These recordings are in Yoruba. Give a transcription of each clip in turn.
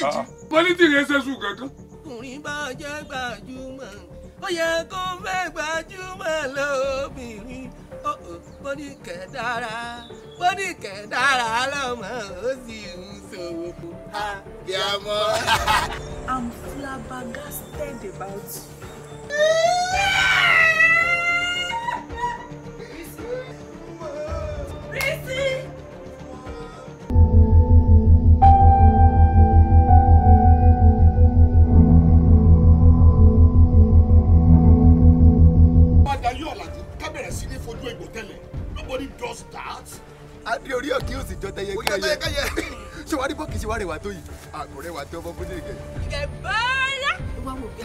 ìjì mo ní sùn kankan. ọkùnrin bá jẹ́ gbajúmọ̀ ó yẹ kó fẹ́ gbajúmọ̀ lóbìnrin ó ní kẹ̀ dára lọ́mọ ó sì ń ṣòwò kù. àbíamọ. I'm flabbergasted about you. ju egbò tẹ́lẹ̀ nobody does that. adé orí òkè òsì jọ tẹyẹ kẹyẹ ṣé wàá rí bọ́ọ̀kì ṣe wàá rẹwà tó yìí àgùnrẹ́ wà tó ọmọ fún nìkẹ́. kẹbàárà. wọ́n wò bí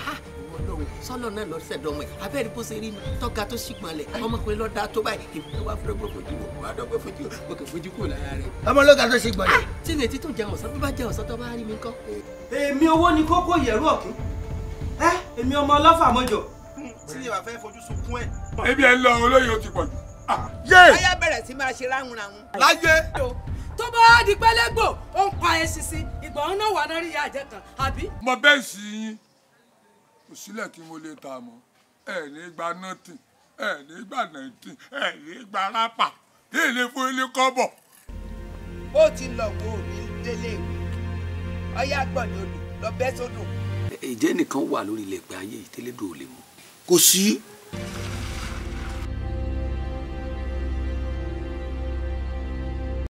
ọlọ́run sọ́lọ́ náà lọ sẹ̀dọ̀ ọmọ ẹ̀ abẹ́rẹ́ bó ṣe rí ni tọ́ga tó ṣìgbọ̀nlẹ̀ ọmọkùnrin lọ́dà tó báyìí kì í wá fúrọ́gbọ̀ fojú wò wá dọ́gbọ̀ fojú wò kò fojú kúrò lára rẹ̀. ọmọ lọ́gà tó ṣìgbọ̀nlẹ̀. Ah, tí ní etí tó jẹun ọ̀sán tó bá jẹun ọ̀sán tó bá rí mi kọ́. èmi owó ni kókó ìyẹ̀rú ọ̀kín ẹ èmi ọmọ ọlọ́fà mọ́jọ sunkún tí yẹn wà fẹ́ fojú sunkún ẹ̀. ebi ẹ lọ olóyè ó ti pọ̀ jù. láyé ah, bẹ̀rẹ̀ sí máa ṣe ráhùn ráhùn. láyé. tó bá di pẹ́lẹ́gbò ó ń pa eṣinṣin ìgbà òun náà wà náà rí ìyá àjẹ kan àbí. mo bẹ́ẹ̀ sí yín kò sílẹ̀ tí mo lè ta mọ́ ẹ̀ ní gba nọ́ọ̀tì ẹ̀ ní gba nọ́ọ̀tì ẹ̀ ní gba rápà kí èlé fún ilé kọ́bọ̀. ó ti lọ wo òní délé ìwé ọyá gbọ̀n ni odò lọ bẹ́ sódò. ìjẹ́ nìkan wà lórí ilẹ̀ pé ayé ìtẹ́lẹ́dọ̀ ò lè mú kò sí